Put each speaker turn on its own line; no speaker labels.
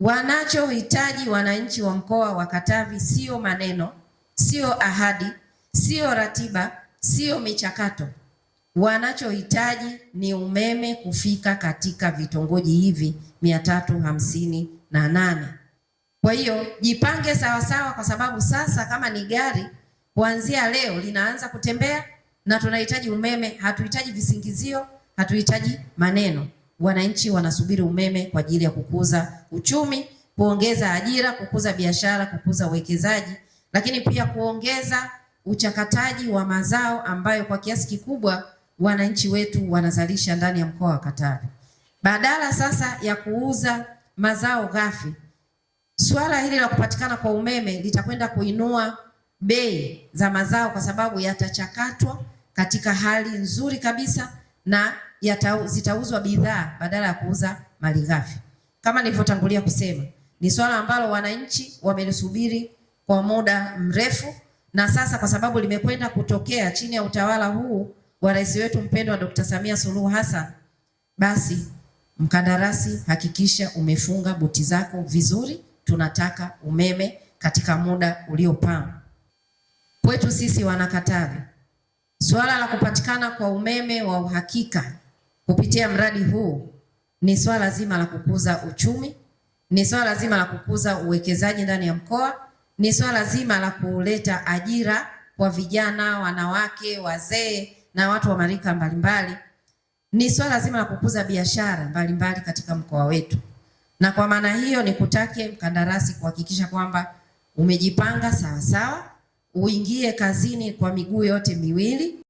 Wanachohitaji wananchi wa mkoa wa Katavi sio maneno, sio ahadi, sio ratiba, sio michakato. Wanachohitaji ni umeme kufika katika vitongoji hivi mia tatu hamsini na nane. Kwa hiyo jipange sawasawa, kwa sababu sasa kama ni gari, kuanzia leo linaanza kutembea, na tunahitaji umeme. Hatuhitaji visingizio, hatuhitaji maneno wananchi wanasubiri umeme kwa ajili ya kukuza uchumi, kuongeza ajira, kukuza biashara, kukuza uwekezaji, lakini pia kuongeza uchakataji wa mazao ambayo kwa kiasi kikubwa wananchi wetu wanazalisha ndani ya mkoa wa Katavi. Badala sasa ya kuuza mazao ghafi, suala hili la kupatikana kwa umeme litakwenda kuinua bei za mazao, kwa sababu yatachakatwa katika hali nzuri kabisa na zitauzwa bidhaa badala ya kuuza ghafi. Kama nilivyotangulia kusema, ni swala ambalo wananchi wamelisubiri kwa muda mrefu, na sasa kwa sababu limekwenda kutokea chini ya utawala huu wa rais wetu mpendwa Dr. Samia Suluhu Hassan, basi mkandarasi, hakikisha umefunga buti zako vizuri, tunataka umeme katika muda uliopangwa. Kwetu sisi Wanakatavi, suala la kupatikana kwa umeme wa uhakika kupitia mradi huu ni swala zima la kukuza uchumi, ni swala zima la kukuza uwekezaji ndani ya mkoa, ni swala zima la kuleta ajira kwa vijana, wanawake, wazee na watu wa marika mbalimbali. Ni swala zima la kukuza biashara mbalimbali katika mkoa wetu, na kwa maana hiyo kutake mkandarasi kuhakikisha kwamba umejipanga sawasawa sawa, uingie kazini kwa miguu yote miwili.